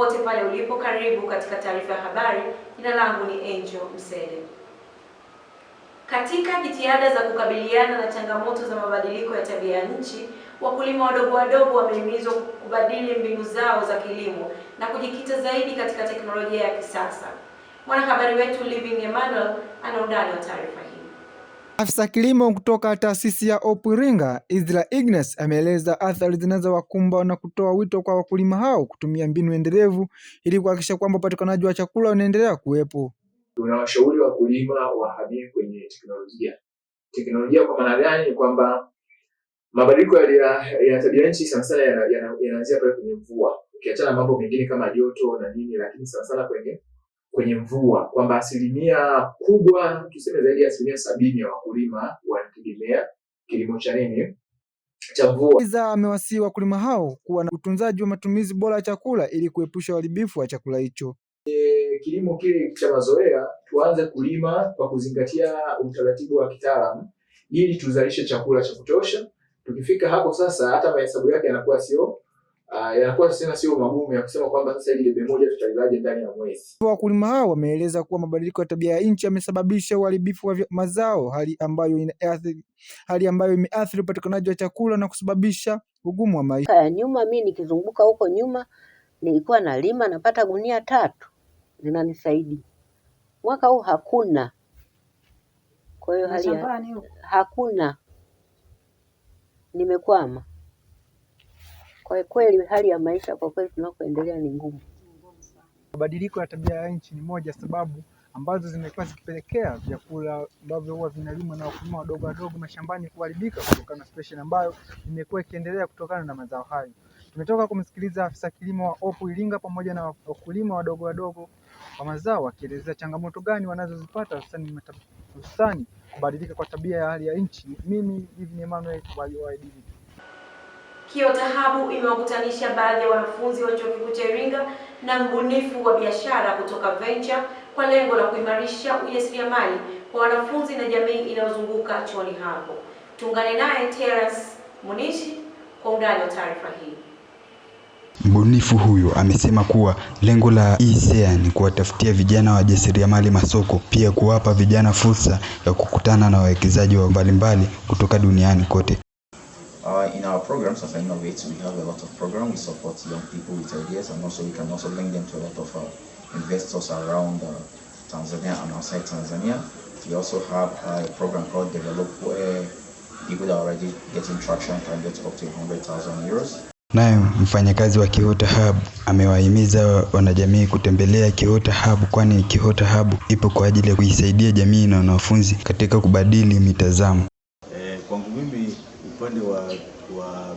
popote pale ulipo, karibu katika taarifa ya habari. Jina langu ni Angel Msele. Katika jitihada za kukabiliana na changamoto za mabadiliko ya tabia ya nchi, wakulima wadogo wadogo wamehimizwa kubadili mbinu zao za kilimo na kujikita zaidi katika teknolojia ya kisasa. Mwanahabari wetu Living Emmanuel anaundani wa taarifa Afisa kilimo kutoka taasisi ya Opringa Isra Ignas ameeleza athari zinazowakumba na kutoa wito kwa wakulima hao kutumia mbinu endelevu ili kuhakikisha kwamba upatikanaji wa chakula unaendelea kuwepo. Tunawashauri wakulima wahamie kwenye teknolojia. Teknolojia kwa maana gani? Ni kwamba mabadiliko ya tabia nchi sana sana yanaanzia pale kwenye mvua, ukiachana mambo mengine kama joto na nini, lakini sana sana kwenye kwenye mvua kwamba asilimia kubwa tuseme zaidi ya asilimia sabini ya wakulima wanategemea kilimo cha nini cha mvua. Aidha, amewasihi wakulima hao kuwa na utunzaji wa matumizi bora ya chakula ili kuepusha uharibifu wa chakula hicho. E, kilimo kile cha mazoea tuanze kulima kwa kuzingatia utaratibu wa kitaalamu ili tuzalishe chakula cha kutosha. Tukifika hapo sasa, hata mahesabu yake yanakuwa sio Uh, ah, yanakuwa tena sio magumu ya kusema kwamba sasa hivi debe moja tutalilaje ndani ya mwezi. Wakulima hao wameeleza kuwa mabadiliko ya tabia ya nchi yamesababisha uharibifu wa mazao, hali ambayo inaathiri, hali ambayo imeathiri upatikanaji wa chakula na kusababisha ugumu wa maisha. Kaya nyuma, mimi nikizunguka huko nyuma nilikuwa nalima napata gunia tatu zinanisaidia. Mwaka huu hakuna, kwa hiyo hali hakuna, nimekwama. Kwa kweli hali ya maisha kwa kweli tunakoendelea ni ngumu. Mabadiliko ya tabia ya nchi ni moja sababu ambazo zimekuwa zikipelekea vyakula ambavyo huwa vinalimwa na wakulima wadogo wadogo mashambani kuharibika kutokana na situation ambayo imekuwa ikiendelea kutokana na mazao hayo. Tumetoka kumsikiliza afisa kilimo wa OPU Iringa pamoja na wakulima wadogo wadogo wa mazao wakielezea changamoto gani wanazozipata hususani kubadilika kwa tabia ya hali ya nchi. Mimi hivi ni Emmanuel wa UoI. Hiyo tahabu imewakutanisha baadhi ya wanafunzi wa Chuo Kikuu cha Iringa na mbunifu wa biashara kutoka Venture kwa lengo la kuimarisha ujasiriamali kwa wanafunzi na jamii inayozunguka chuoni hapo. Tuungane naye Terence Munishi kwa undani wa taarifa hii. Mbunifu huyu amesema kuwa lengo la ISEA ni kuwatafutia vijana wa mali masoko, pia kuwapa vijana fursa ya kukutana na wawekezaji wa mbalimbali kutoka duniani kote programs, as I know it, we have a lot of programs. We support young people with ideas, and also we can also link them to a lot of uh, investors around uh, Tanzania and outside Tanzania. We also have a program called Develop, where people that are already getting traction can get up to 100,000 euros. Naye mfanyakazi wa Kihota Hub amewahimiza wanajamii kutembelea Kihota Hub kwani Kihota Hub ipo kwa ajili ya kuisaidia jamii na wanafunzi katika kubadili mitazamo. Eh, kwangu mimi upande wa, wa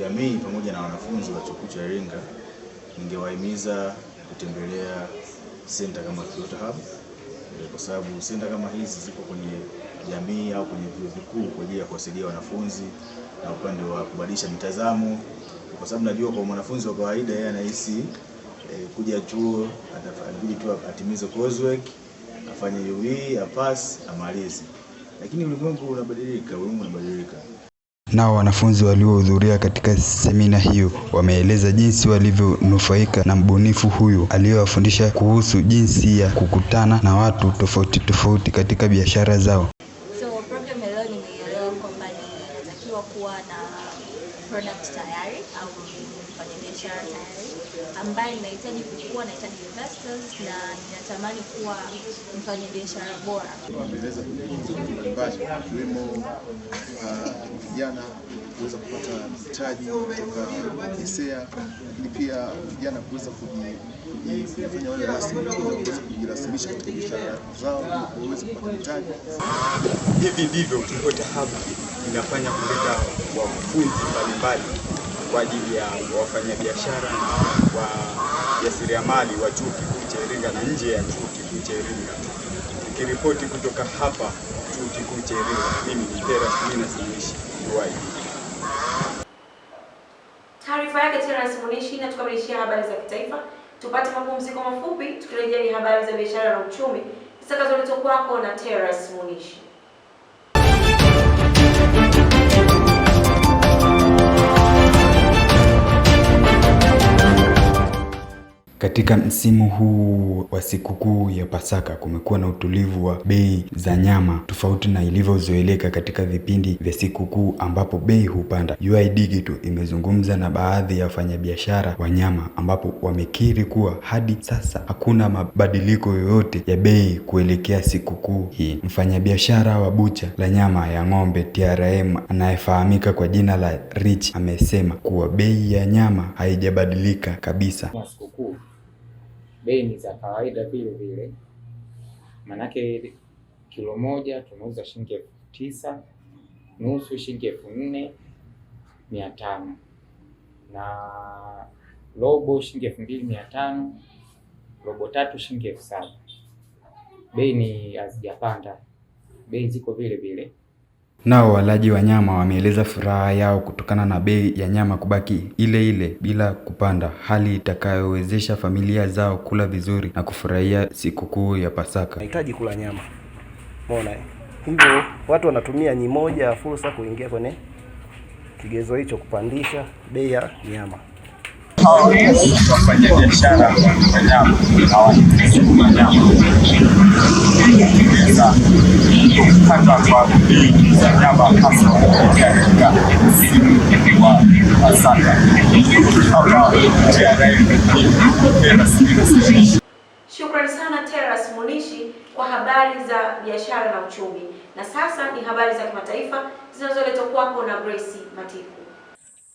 jamii pamoja na wanafunzi wa chuo kikuu cha Iringa, ningewahimiza kutembelea senta kama Kiota Hub eh, kwa sababu senta kama hizi ziko kwenye jamii au kwenye vyuo vikuu kwa ajili ya kuwasaidia wanafunzi na upande wa kubadilisha mitazamo, kwa sababu najua kwa mwanafunzi wa kawaida yeye anahisi eh, kuja chuo atabidi tu atimize coursework afanye UE apas amalize, lakini ulimwengu unabadilika, ulimwengu unabadilika. Nao wanafunzi waliohudhuria katika semina hiyo wameeleza jinsi walivyonufaika na mbunifu huyu aliyowafundisha kuhusu jinsi ya kukutana na watu tofauti tofauti katika biashara zao. ambaye inahitaji kukua, nahitaji investors na ninatamani kuwa biashara bora. Tunaendeleza vikundi mbalimbali ikiwemo uh, vijana kuweza kupata mitaji kutoka ESEA, lakini pia vijana kuweza kujifanya wale rasmi kuweza kujirasimisha katika biashara zao waweze kupata mitaji. Hivi ndivyo Kigota Hub inafanya kuleta wafunzi mbalimbali kwa ajili ya wafanyabiashara na wajasiriamali wa chuo kikuu cha Iringa na nje ya chuo kikuu cha Iringa. Nikiripoti kutoka hapa chuo kikuu cha Iringa, mimi ni Terence Linus Mnishi UoI. Taarifa yake Terence Munishi inatukamilishia habari za kitaifa. Tupate mapumziko mafupi, tukirejea ni habari za biashara na uchumi zitakazoletwa kwako na Terence Munishi. Katika msimu huu wa sikukuu ya Pasaka kumekuwa na utulivu wa bei za nyama tofauti na ilivyozoeleka katika vipindi vya sikukuu ambapo bei hupanda. UoI Digital imezungumza na baadhi ya wafanyabiashara wa nyama ambapo wamekiri kuwa hadi sasa hakuna mabadiliko yoyote ya bei kuelekea sikukuu hii. Mfanyabiashara wa bucha la nyama ya ng'ombe TRM anayefahamika kwa jina la Rich amesema kuwa bei ya nyama haijabadilika kabisa bei ni za kawaida vile vile, manake kilo moja tunauza shilingi elfu tisa nusu shilingi elfu nne mia tano na robo shilingi elfu mbili mia tano robo tatu shilingi elfu saba Bei ni hazijapanda, bei ziko vile vile. Nao walaji wa nyama wameeleza furaha yao kutokana na bei ya nyama kubaki ile ile bila kupanda, hali itakayowezesha familia zao kula vizuri na kufurahia sikukuu ya Pasaka. Nahitaji kula nyama. mbona eh? Hivyo watu wanatumia ni moja ya fursa kuingia kwenye kigezo hicho kupandisha bei ya nyama. Wafanya biashara wa nyama hawa nyama shukran kukata kwa bei za nyama hasa katika msimu wa Pasaka. Hapa TRA. Shukrani sana Teras Munishi kwa habari za biashara na uchumi. Na sasa ni habari za kimataifa zinazoletwa kwako na Grace Matiku.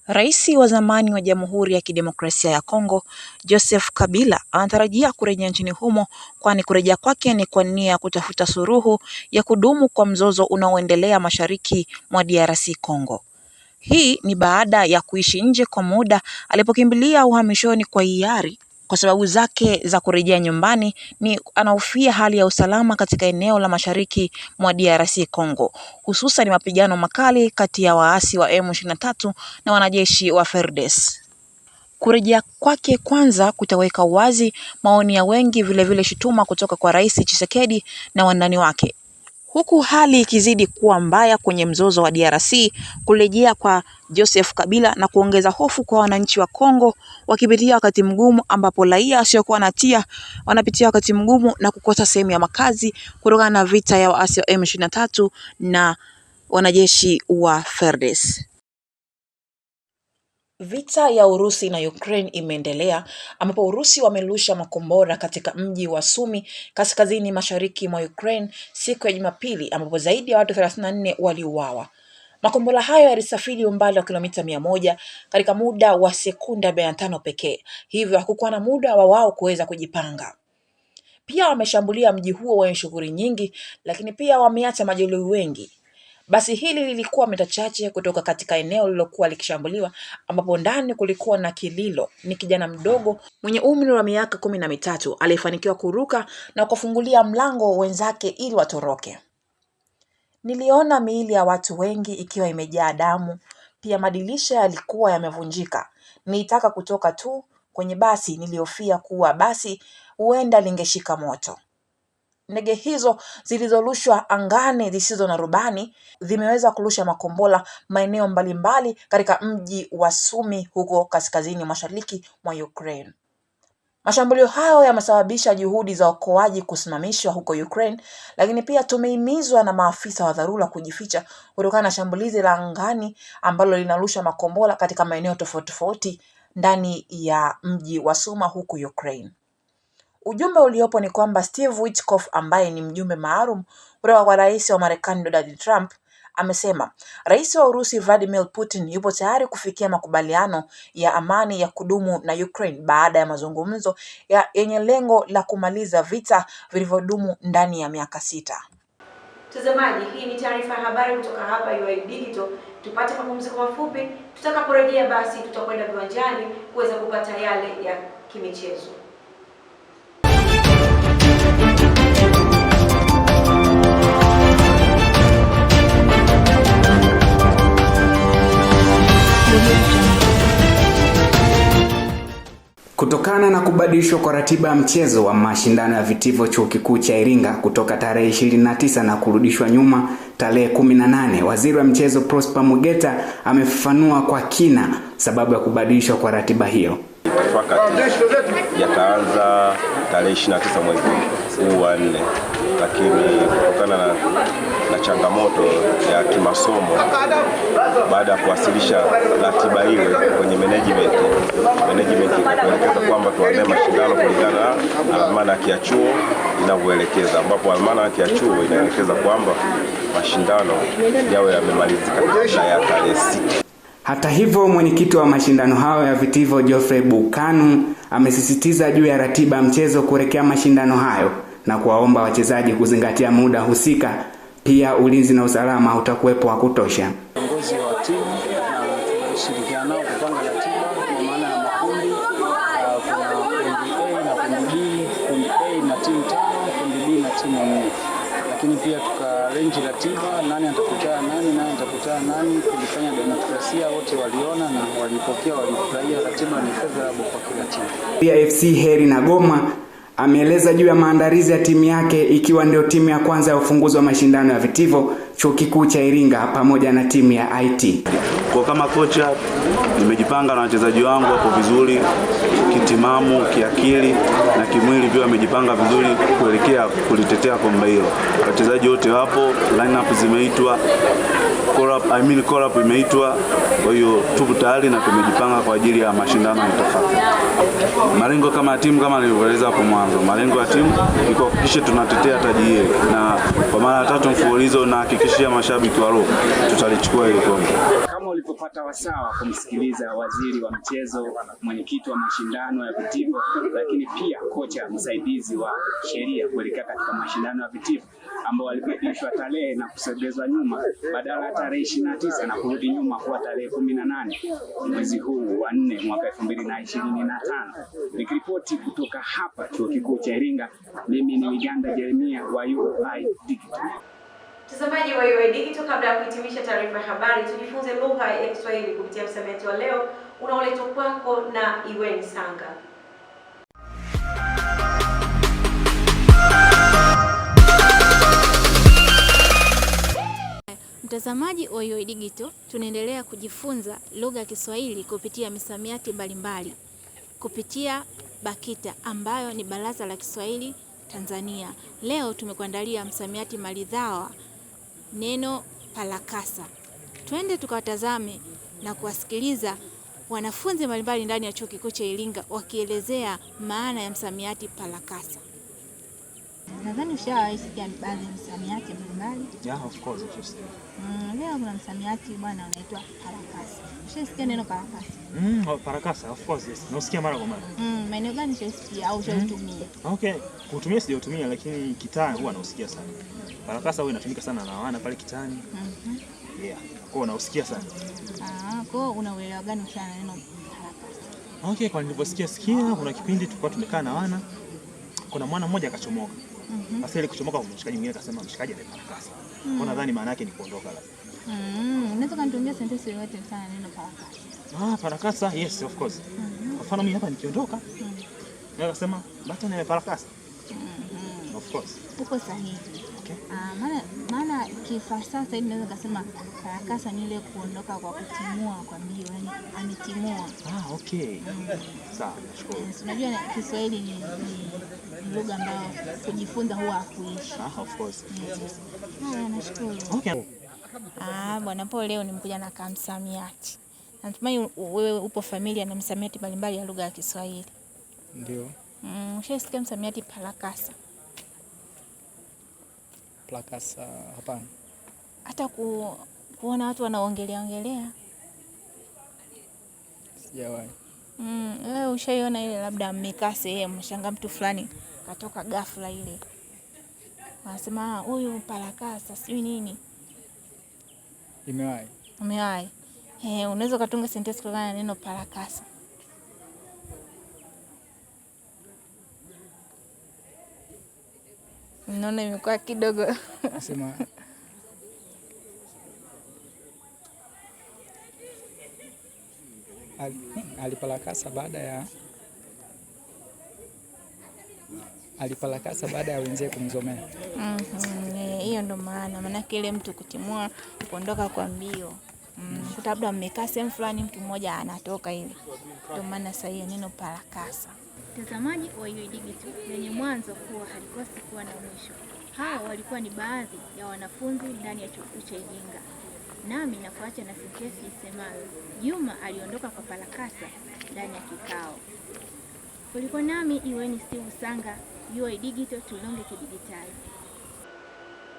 Rais wa zamani wa Jamhuri ya Kidemokrasia ya Kongo, Joseph Kabila anatarajia kurejea nchini humo kwani kurejea kwake ni kwa nia ya kutafuta suluhu ya kudumu kwa mzozo unaoendelea mashariki mwa DRC Kongo. Hii ni baada ya kuishi nje kwa muda alipokimbilia uhamishoni kwa hiari kwa sababu zake za kurejea nyumbani ni anahofia hali ya usalama katika eneo la mashariki mwa DRC Congo, hususan mapigano makali kati ya waasi wa M23 na wanajeshi wa FARDC. Kurejea kwake kwanza kutaweka wazi maoni ya wengi, vilevile shutuma kutoka kwa Rais Tshisekedi na wandani wake Huku hali ikizidi kuwa mbaya kwenye mzozo wa DRC, kurejea kwa Joseph Kabila na kuongeza hofu kwa wananchi wa Kongo wakipitia wakati mgumu, ambapo raia wasiokuwa na hatia wanapitia wakati mgumu na kukosa sehemu ya makazi kutokana na vita ya waasi wa M23 na wanajeshi wa FARDC. Vita ya Urusi na Ukraine imeendelea ambapo Urusi wamerusha makombora katika mji wa Sumi kaskazini mashariki mwa Ukraine siku ya Jumapili ambapo zaidi ya watu 34 waliuawa. Makombora hayo yalisafiri umbali wa kilomita mia moja katika muda wa sekunda 45 pekee, hivyo hakukuwa na muda wa wao kuweza kujipanga. Pia wameshambulia mji huo wenye shughuli nyingi, lakini pia wameacha majeruhi wengi. Basi hili lilikuwa mita chache kutoka katika eneo lililokuwa likishambuliwa, ambapo ndani kulikuwa na Kililo, ni kijana mdogo mwenye umri wa miaka kumi na mitatu aliyefanikiwa kuruka na kufungulia mlango wenzake ili watoroke. Niliona miili ya watu wengi ikiwa imejaa damu, pia madirisha yalikuwa yamevunjika. Nilitaka kutoka tu kwenye basi, niliofia kuwa basi huenda lingeshika moto. Ndege hizo zilizorushwa angani zisizo na rubani zimeweza kurusha makombola maeneo mbalimbali katika mji wa Sumi huko kaskazini mashariki mwa Ukraine. Mashambulio hayo yamesababisha juhudi za okoaji kusimamishwa huko Ukraine, lakini pia tumehimizwa na maafisa wa dharura kujificha kutokana na shambulizi la angani ambalo linarusha makombola katika maeneo tofauti tofauti ndani ya mji wa Suma huku Ukraine. Ujumbe uliopo ni kwamba Steve Witkoff ambaye ni mjumbe maalum kutoka kwa rais wa Marekani Donald Trump amesema rais wa Urusi Vladimir Putin yupo tayari kufikia makubaliano ya amani ya kudumu na Ukraine baada ya mazungumzo yenye lengo la kumaliza vita vilivyodumu ndani ya miaka sita. Mtazamaji, hii ni taarifa ya habari kutoka hapa UoI e Digital. Tupate mapumziko mafupi, tutakaporejea basi tutakwenda viwanjani kuweza kupata yale ya kimichezo. Kutokana na kubadilishwa kwa ratiba ya mchezo wa mashindano ya vitivo chuo kikuu cha Iringa kutoka tarehe 29 na kurudishwa nyuma tarehe 18, waziri wa mchezo Prosper Mugeta amefafanua kwa kina sababu ya kubadilishwa kwa ratiba hiyo. Yataanza tarehe 29 mwezi huu wa nne, lakini kutokana na, na changamoto ya kimasomo baada ya kuwasilisha ratiba ile kwenye management, management ikaelekeza kwamba tuandae mashindano kulingana na almanaki ya chuo inavyoelekeza, ambapo almanaki ya chuo inaelekeza kwamba mashindano yawe yamemalizika kabla ya tarehe sita. Hata hivyo mwenyekiti wa mashindano hayo ya vitivo Geoffrey Bukanu amesisitiza juu ya ratiba ya mchezo kuelekea mashindano hayo na kuwaomba wachezaji kuzingatia muda husika. Pia ulinzi na usalama utakuwepo wa kutosha. Uh, kuna na timu lakini pia arrange ratiba, nani atakutana nani, nani atakutana nani, kulifanya demokrasia, wote waliona na walipokea, walifurahia. Ratiba ni favorable kwa kila timu. Pia FC Heri na Goma ameeleza juu ya maandalizi ya timu yake ikiwa ndio timu ya kwanza ya ufunguzi wa mashindano ya vitivo chuo kikuu cha Iringa pamoja na timu ya IT. Kwa kama kocha nimejipanga na wachezaji wangu wapo vizuri, kitimamu, kiakili na kimwili, pia wamejipanga vizuri kuelekea kulitetea kombe hilo. Wachezaji wote wapo, lineup zimeitwa. I mean call imeitwa. Kwa hiyo tupo tayari na tumejipanga kwa ajili ya mashindano yatafuata. Malengo kama timu, kama nilivyoeleza hapo mwanzo, malengo ya timu ni kuhakikisha tunatetea taji hili na kwa mara ya tatu mfululizo, na hakikishia mashabiki wa Roho tutalichukua hili kombe ulipopata wasawa kumsikiliza waziri wa mchezo mwenyekiti wa mashindano ya vitivo, lakini pia kocha msaidizi wa sheria kuelekea katika mashindano ya vitivo ambao walipitishwa tarehe na kusogezwa nyuma badala ya tarehe ishirini na tisa na kurudi nyuma kuwa tarehe kumi na nane mwezi huu wa nne mwaka elfu mbili na ishirini na tano. Nikiripoti kutoka hapa chuo kikuu cha Iringa, mimi ni Uganda Jeremia wa UoI Digital. Mtazamaji wa UoI Digital, kabla ya kuhitimisha taarifa ya habari, tujifunze lugha ya Kiswahili kupitia msamiati wa leo unaoletwa kwako na Iweni Sanga. Mtazamaji wa UoI Digital, tunaendelea kujifunza lugha ya Kiswahili kupitia misamiati mbalimbali kupitia BAKITA ambayo ni Baraza la Kiswahili Tanzania. Leo tumekuandalia msamiati maridhawa neno palakasa Twende tukawatazame na kuwasikiliza wanafunzi mbalimbali ndani ya Chuo Kikuu cha Iringa wakielezea maana ya msamiati parakasa. Nadhani ushawahi sikia baadhi ya msamiati mbalimbali. Yeah, of course ushasikia. Mm, leo kuna msamiati bwana unaitwa parakasa. Ushasikia neno parakasa? Mm, oh, parakasa of course yes. Nausikia mara kwa mara. Mm, maeneo gani ushasikia au ushautumia? Mm. Okay, kutumia sijautumia lakini kitani huwa nausikia sana. Parakasa huwa inatumika sana na wana pale kitani. Mm -hmm. yeah. Kwa unausikia sana. Ah, kwa unauelewa gani sana neno parakasa? Okay, kwa nilivyosikia sikia kuna kipindi tulikuwa tumekaa na wana. Kuna mwana mmoja akachomoka. Mm -hmm. Ile kuchomoka kwa mshikaji mwingine akasema mshikaji ana parakasa. Mm Kwa nadhani maana yake ni kuondoka labda. Mm, unaweza kanitumia sentensi yoyote sana neno parakasa. Ah, parakasa, ah, yes of course. Mm -hmm. Kwa mfano mimi hapa nikiondoka, mm -hmm. Naweza kusema bata nimeparakasa. Mm -hmm. Of course. Uko sahihi. Ah, maana maana kifalsafa hivi naweza kusema karakasa ni ile kuondoka kwa kutimua kwa mbio, yani ametimua. Ah, okay. Sawa, nashukuru. Yes, unajua Kiswahili ni, lugha ambayo kujifunza huwa hakuishi. Ah, of course. Yes. Ah, nashukuru. Okay. Ah, bwana po, leo nimekuja na kamsamiati. Natumai wewe upo familia na msamiati mbalimbali ya lugha ya Kiswahili. Ndio. Mm, ushasikia msamiati parakasa? placas. Uh, hapana. Hata ku, kuona watu wanaongelea ongelea sijawahi. Mm, wewe ushaiona ile labda mmekaa sehemu shanga mtu fulani katoka ghafla ile wanasema ah, huyu parakasa sijui nini. Imewahi. Umewahi. Eh, unaweza ukatunga sentensi kutokana na neno parakasa. Naona imekuwa kidogo sema alipalakasa baada ya alipalakasa baada ya wenzie kumzomea mhm, eh, hiyo. mm -hmm. Ndo maana maanake ile mtu kutimua kuondoka kwa mbio mm. Kuta labda mmekaa sehemu fulani, mtu mmoja anatoka hivi, ndo maana sahii neno palakasa Mtazamaji wa UoI Digital lenye mwanzo kuwa halikosi kuwa na mwisho. Hawa walikuwa ni baadhi ya wanafunzi ndani ya chuo kikuu cha Iringa, nami nakuacha na sentensi isemayo Juma aliondoka kwa parakasa ndani ya kikao. kuliko nami Iweni Steve Sanga, UoI Digital, tulonge kidigitali.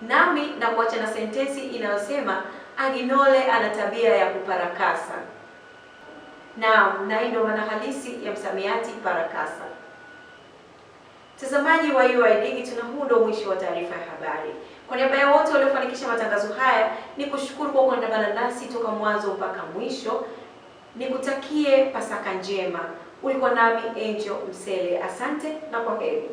Nami nakuacha na sentensi inayosema Aginole ana tabia ya kuparakasa. Naam, na hii ndio maana halisi ya msamiati parakasa. Mtazamaji wa UoI Digital, na huu ndio mwisho wa taarifa ya habari. Kwa niaba ya wote waliofanikisha matangazo haya, ni kushukuru kwa kuandamana nasi toka mwanzo mpaka mwisho. Nikutakie Pasaka njema. Ulikuwa nami Angel Msele, asante na kwa heri